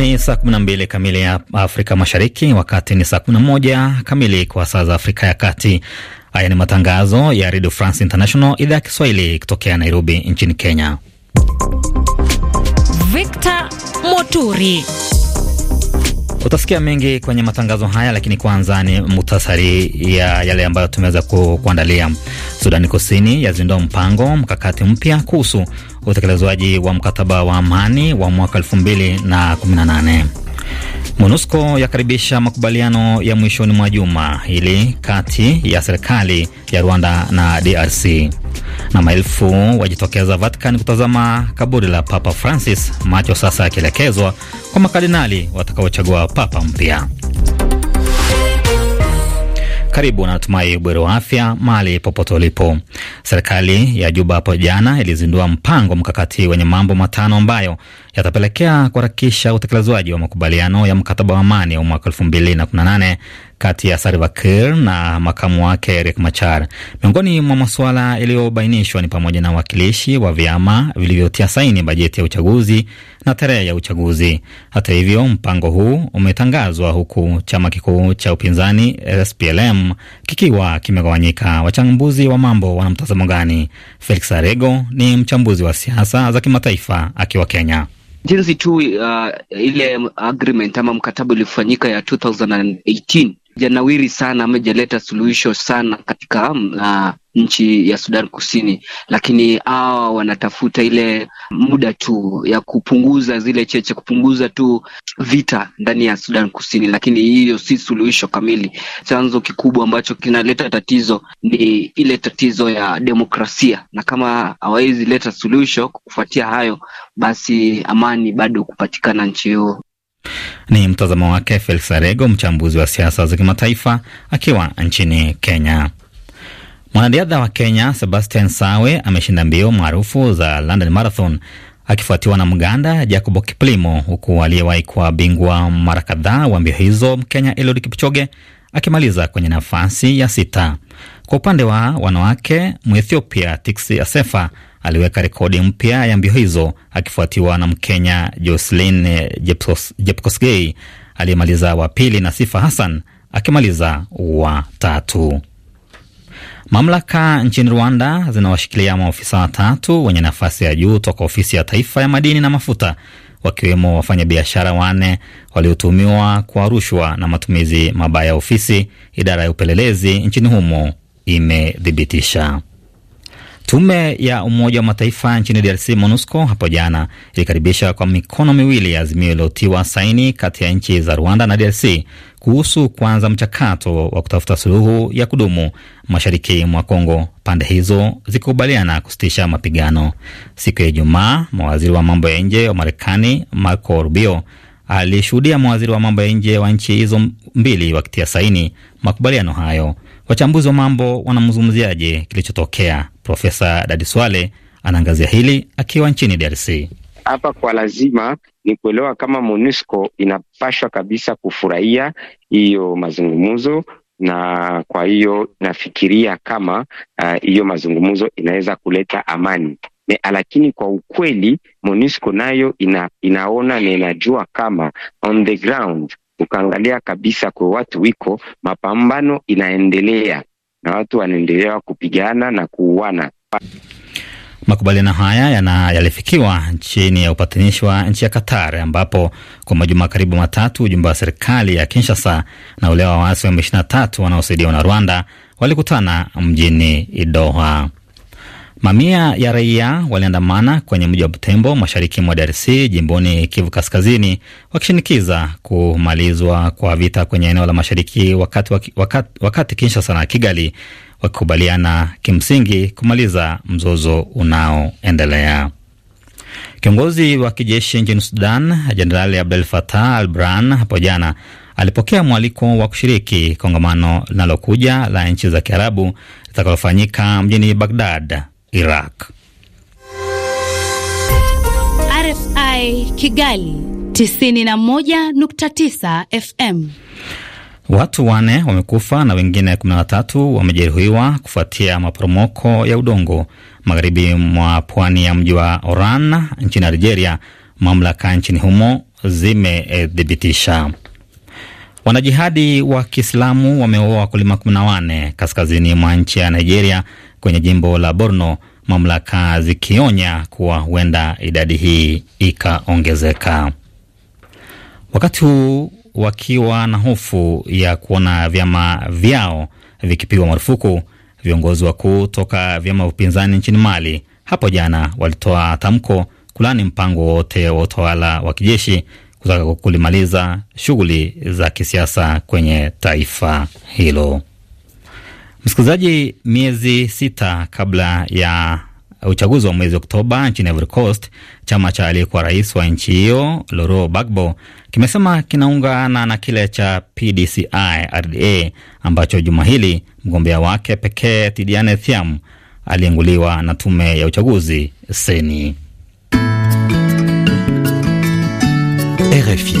Ni saa 12 kamili ya Afrika Mashariki, wakati ni saa 11 kamili kwa saa za Afrika ya Kati. Haya ni matangazo ya Radio France International, idhaa ya Kiswahili kutokea Nairobi nchini Kenya. Victor Moturi. Utasikia mengi kwenye matangazo haya, lakini kwanza ni muhtasari ya yale ambayo tumeweza kuandalia. Sudani Kusini yazindua mpango mkakati mpya kuhusu utekelezwaji wa mkataba wa amani wa mwaka nane. MONUSCO yakaribisha makubaliano ya mwishoni mwa juma ili kati ya serikali ya Rwanda na DRC. Na maelfu wajitokeza Vatican kutazama kaburi la Papa Francis, macho sasa yakielekezwa kwa makardinali watakaochagua papa mpya. Karibu na natumai ubweri wa afya mahali popote ulipo. Serikali ya Juba hapo jana ilizindua mpango mkakati wenye mambo matano ambayo yatapelekea kuharakisha utekelezwaji wa makubaliano ya mkataba wa amani wa mwaka elfu mbili na kumi na nane kati ya Salva Kiir na makamu wake Riek Machar. Miongoni mwa masuala yaliyobainishwa ni pamoja na wakilishi wa vyama vilivyotia saini bajeti ya uchaguzi na tarehe ya uchaguzi. Hata hivyo, mpango huu umetangazwa huku chama kikuu cha upinzani SPLM kikiwa kimegawanyika. Wachambuzi wa mambo wana mtazamo gani? Felix Arego ni mchambuzi wa siasa za kimataifa akiwa Kenya. Jinsi tu uh, ile agreement ama mkataba uliofanyika ya 2018 janawiri sana ama ijaleta suluhisho sana katika uh, nchi ya Sudan Kusini, lakini hawa wanatafuta ile muda tu ya kupunguza zile cheche, kupunguza tu vita ndani ya Sudan Kusini, lakini hiyo si suluhisho kamili. Chanzo kikubwa ambacho kinaleta tatizo ni ile tatizo ya demokrasia, na kama hawawezi leta suluhisho kufuatia hayo, basi amani bado kupatikana nchi hiyo. Ni mtazamo wake Felix Arego, mchambuzi wa siasa za kimataifa akiwa nchini Kenya. Mwanariadha wa Kenya Sebastian Sawe ameshinda mbio maarufu za London Marathon akifuatiwa na Mganda Jacob Kiplimo, huku aliyewahi kuwa bingwa mara kadhaa wa mbio hizo Mkenya Eliud Kipchoge akimaliza kwenye nafasi ya sita. Kwa upande wa wanawake, Mwethiopia Tixi Asefa aliweka rekodi mpya ya mbio hizo akifuatiwa na Mkenya joslin Jepkosgei aliyemaliza wa pili na Sifa Hassan akimaliza wa tatu. Mamlaka nchini Rwanda zinawashikilia maofisa watatu wenye nafasi ya juu toka ofisi ya taifa ya madini na mafuta, wakiwemo wafanyabiashara wanne waliotumiwa kwa rushwa na matumizi mabaya ya ofisi, idara ya upelelezi nchini humo imethibitisha. Tume ya Umoja wa Mataifa nchini DRC, MONUSCO, hapo jana ilikaribisha kwa mikono miwili ya azimio iliyotiwa saini kati ya nchi za Rwanda na DRC kuhusu kuanza mchakato wa kutafuta suluhu ya kudumu mashariki mwa Kongo, pande hizo zikikubaliana kusitisha mapigano. Siku ya Ijumaa, mawaziri wa mambo ya nje wa Marekani Marco Rubio alishuhudia mawaziri wa mambo ya nje wa nchi hizo mbili wakitia saini makubaliano hayo. Wachambuzi wa mambo wanamzungumziaje kilichotokea? Profesa Dadiswale anaangazia hili akiwa nchini DRC. Hapa kwa lazima ni kuelewa kama MONUSCO inapashwa kabisa kufurahia hiyo mazungumzo na kwa hiyo nafikiria kama uh, hiyo uh, mazungumzo inaweza kuleta amani ne, lakini kwa ukweli MONUSCO nayo ina, inaona na inajua kama on the ground ukaangalia kabisa kwa watu wiko mapambano inaendelea na watu wanaendelea kupigana na kuuana. Makubaliano haya yalifikiwa chini ya upatanishi wa nchi ya Qatar, ambapo kwa majuma karibu matatu ujumbe wa serikali ya Kinshasa na ule wa waasi wa M23 wanaosaidiwa na Rwanda walikutana mjini Doha. Mamia ya raia waliandamana kwenye mji wa Butembo, mashariki mwa DRC, jimboni Kivu Kaskazini, wakishinikiza kumalizwa kwa vita kwenye eneo la mashariki, wakati, wakati, wakati Kinshasa na Kigali wakikubaliana kimsingi kumaliza mzozo unaoendelea. Kiongozi wa kijeshi nchini Sudan, Jenerali Abdel fatah al Bran, hapo jana alipokea mwaliko wa kushiriki kongamano linalokuja la nchi za Kiarabu litakalofanyika mjini Bagdad. Iraq. RFI Kigali 91.9 FM. Watu wane wamekufa na wengine 13 wamejeruhiwa kufuatia maporomoko ya udongo magharibi mwa pwani ya mji wa Oran nchini Algeria, mamlaka nchini humo zimethibitisha. wanajihadi wa Kiislamu wameua wakulima 14 kaskazini mwa nchi ya Nigeria kwenye jimbo la Borno, mamlaka zikionya kuwa huenda idadi hii ikaongezeka. Wakati huu wakiwa na hofu ya kuona vyama vyao vikipigwa marufuku, viongozi wakuu toka vyama vya upinzani nchini Mali hapo jana walitoa tamko kulani mpango wote wa utawala wa kijeshi kutaka kulimaliza shughuli za kisiasa kwenye taifa hilo. Msikilizaji, miezi sita kabla ya uchaguzi wa mwezi Oktoba nchini Ivory Coast, chama cha aliyekuwa rais wa nchi hiyo Loro bagbo kimesema kinaungana na kile cha PDCI RDA ambacho juma hili mgombea wake pekee Tidiane Thiam alienguliwa na tume ya uchaguzi seni RFI.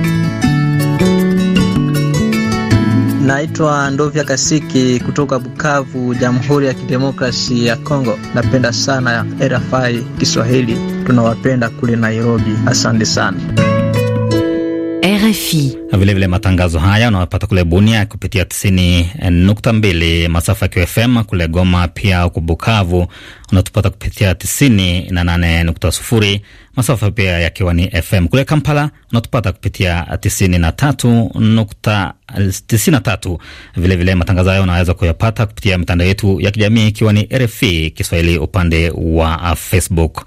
Naitwa Ndovya Kasiki kutoka Bukavu, Jamhuri ya Kidemokrasi ya Kongo. Napenda sana RFI Kiswahili, tunawapenda kule Nairobi. Asante sana. RFI. Vilevile matangazo haya unawapata kule Bunia kupitia 90.2 eh, masafa ya FM, kule Goma pia huko Bukavu unatupata kupitia 98.0 masafa pia yakiwa ni FM. Kule Kampala unatupata kupitia 93 93. Vilevile matangazo hayo unaweza kuyapata kupitia mitandao yetu ya kijamii ikiwa ni RFI Kiswahili upande wa Facebook.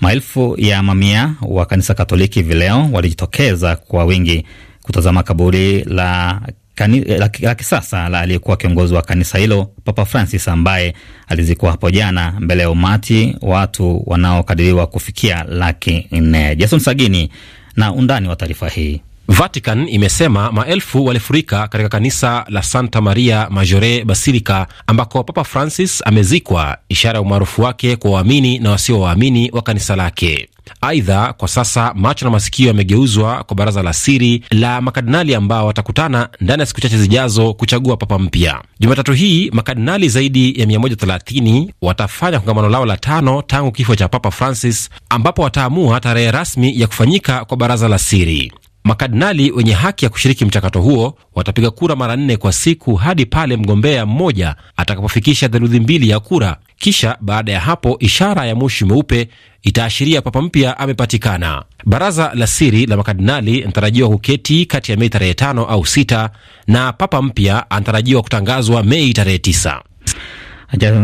Maelfu ya mamia wa kanisa Katoliki vileo walijitokeza kwa wingi kutazama kaburi la Kani, la, la kisasa la aliyekuwa kiongozi wa kanisa hilo Papa Francis ambaye alizikwa hapo jana mbele ya umati watu wanaokadiriwa kufikia laki nne. Jason Sagini na undani wa taarifa hii. Vatican imesema maelfu walifurika katika kanisa la Santa Maria Majore Basilica ambako Papa Francis amezikwa, ishara ya umaarufu wake kwa waamini na wasiowaamini wa kanisa lake. Aidha, kwa sasa macho na masikio yamegeuzwa kwa baraza la siri la makardinali ambao watakutana ndani ya siku chache zijazo kuchagua papa mpya. Jumatatu hii makardinali zaidi ya 130 watafanya kongamano lao la tano tangu kifo cha Papa Francis, ambapo wataamua tarehe rasmi ya kufanyika kwa baraza la siri. Makardinali wenye haki ya kushiriki mchakato huo watapiga kura mara nne kwa siku hadi pale mgombea mmoja atakapofikisha theluthi mbili ya kura. Kisha baada ya hapo, ishara ya moshi mweupe itaashiria papa mpya amepatikana. Baraza la siri la makardinali anatarajiwa kuketi kati ya Mei tarehe tano au sita na papa mpya anatarajiwa kutangazwa Mei tarehe tisa.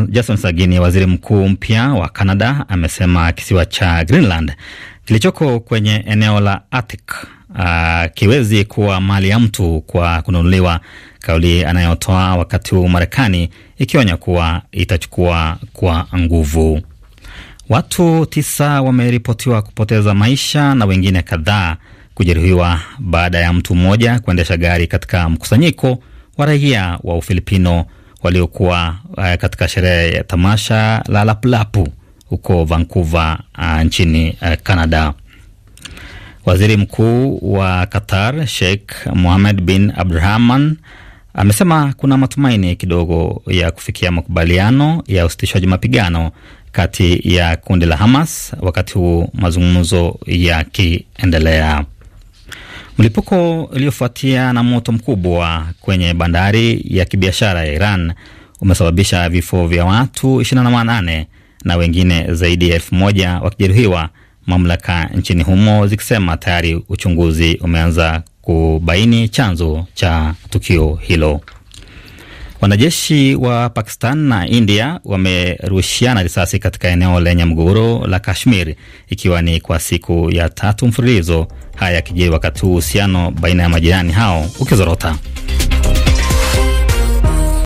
Jason Sagini, waziri mkuu mpya wa Canada, amesema kisiwa cha Greenland kilichoko kwenye eneo la Arctic uh, kiwezi kuwa mali ya mtu kwa kununuliwa, kauli anayotoa wakati huu Marekani ikionya kuwa itachukua kwa nguvu. Watu tisa wameripotiwa kupoteza maisha na wengine kadhaa kujeruhiwa baada ya mtu mmoja kuendesha gari katika mkusanyiko wa raia wa Ufilipino waliokuwa uh, katika sherehe ya tamasha la laplapu huko Vancouver uh, nchini uh, Canada. Waziri mkuu wa Qatar Sheikh Mohammed bin Abdurahman amesema kuna matumaini kidogo ya kufikia makubaliano ya usitishaji mapigano kati ya kundi la Hamas wakati huu mazungumzo yakiendelea. Mlipuko uliofuatia na moto mkubwa kwenye bandari ya kibiashara ya Iran umesababisha vifo vya watu 28 na wengine zaidi ya elfu moja wakijeruhiwa mamlaka nchini humo zikisema tayari uchunguzi umeanza kubaini chanzo cha tukio hilo. Wanajeshi wa Pakistan na India wamerushiana risasi katika eneo lenye mgogoro la Kashmir, ikiwa ni kwa siku ya tatu mfululizo. Haya yakijiri wakati huu uhusiano baina ya majirani hao ukizorota.